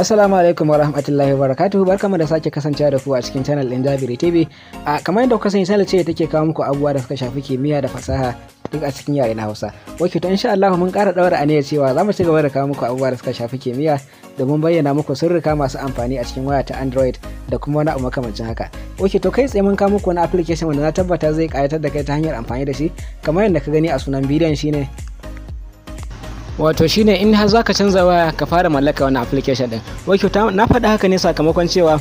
Assalamu alaikum wa rahmatullahi wa barakatuhu barkamu da sake kasancewa da ku a cikin channel din Jabiri TV. A kamar yadda kuka sani sai ce take kawo muku abubuwa da suka shafi kimiyya da fasaha duk a cikin yare na Hausa. Wato to insha Allah mun ƙara daura aniyar cewa za mu ci gaba da kawo muku abubuwa da suka shafi kimiyya domin bayyana muku sirrika masu amfani a cikin waya ta Android da kuma wani abu makamancin haka. Oke to kai tsaye mun kawo muku wani application wanda na tabbata zai ƙayatar da kai ta hanyar amfani da shi kamar yadda ka gani a sunan bidiyon shine wato shine in har zaka canza waya ka fara mallaka wannan application din wato na faɗi haka ne sakamakon cewa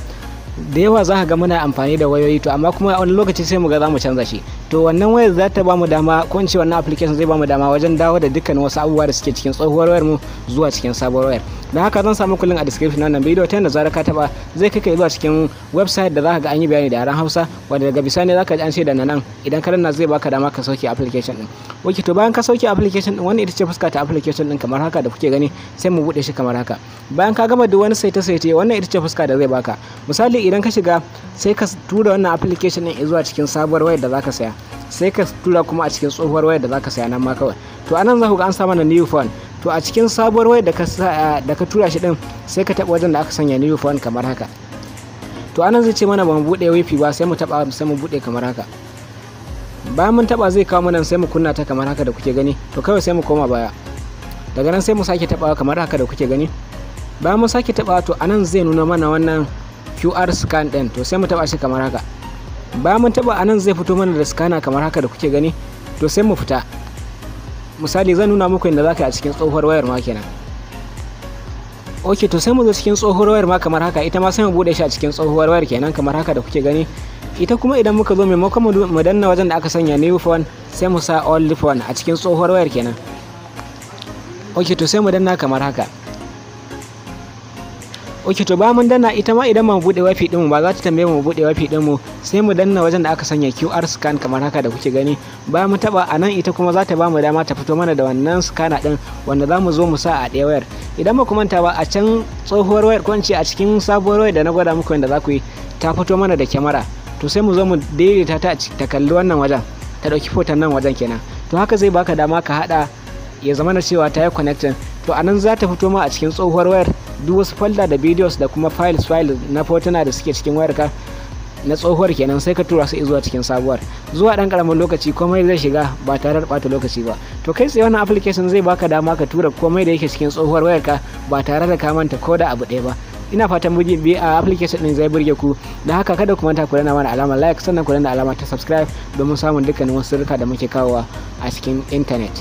da yawa za ka ga muna amfani da wayoyi to amma kuma wani lokaci sai mu ga za mu canza shi to wannan wayar za ta mu dama ko ce wannan application zai ba mu dama wajen dawo da dukkan wasu abubuwa da suke cikin tsohuwar wayar mu zuwa cikin sabuwar wayar da haka zan samu kullum a description wannan bidiyo ta yadda zarar ka taba zai kai zuwa cikin website da zaka ga an yi bayani da yaran Hausa wanda daga bisani zaka ji an ce da nan idan ka danna zai baka dama ka sauke application din okay to bayan ka sauke application din wannan ita ce fuska ta application din kamar haka da kuke gani sai mu bude shi kamar haka bayan ka gama duk wani saita saita wannan ita ce fuska da zai baka misali idan ka shiga sai ka tura wannan application din zuwa cikin sabuwar wayar da zaka saya sai ka tura kuma a cikin tsohuwar wayar da zaka saya nan ma kawai to anan za ku ga an sa mana new phone to a cikin sabuwar wayar da ka da ka tura shi din sai ka taba wajen da aka sanya new phone kamar haka to anan zai ce mana ba mu bude wifi ba sai mu taba sai mu bude kamar haka bayan mun taba zai kawo mana sai mu kunna ta kamar haka da kuke gani to kawai sai mu koma baya daga nan sai mu sake tabawa kamar haka da kuke gani bayan mu sake tabawa to anan zai nuna mana wannan QR scan din to sai mu taba shi kamar haka bayan mun taba anan zai fito mana da scanner kamar haka da kuke gani to sai mu fita misali zan nuna muku inda za ka yi a cikin tsohuwar wayar ma kenan ok to sai mu zo cikin tsohuwar wayar ma kamar haka ita ma sai mu bude shi a cikin tsohuwar wayar kenan kamar haka da kuke gani ita kuma idan muka zo maimakon mu danna wajen da aka sanya new phone sai mu sa old phone a cikin tsohuwar wayar kenan ok to sai mu danna kamar haka ok to ba mun danna ita ma idan mu bude wafi din mu ba za ta tambaye mu bude wafi din mu sai mu danna wajen da aka sanya QR scan kamar haka da kuke gani ba mu taba anan ita kuma za ta ba mu dama ta fito mana da wannan scanner din wanda za mu zo mu sa a ɗaya wayar idan ba ku manta ba a can tsohuwar wayar ko a cikin sabuwar wayar da na gwada muku yadda za ku yi ta fito mana da kyamara to sai mu zo mu daidaita ta ta kalli wannan wajen ta ɗauki foton nan wajen kenan to haka zai baka dama ka haɗa ya zama na cewa ta yi connecting to anan za ta fito ma a cikin tsohuwar wayar duk wasu folder da videos da kuma files files na fotuna da suke cikin wayarka na tsohuwar kenan sai ka tura su zuwa cikin sabuwar zuwa dan karamin lokaci komai zai shiga ba tare da bata lokaci ba to kai tsaye wannan application zai baka dama ka tura komai da yake cikin tsohuwar wayarka ba tare da ka manta ko da abu ɗaya ba ina fatan mu bi a application din zai burge ku da haka kada ku manta ku danna mana alamar like sannan ku danna alamar ta subscribe domin samun dukkanin wasu sirrika da muke kawowa a cikin internet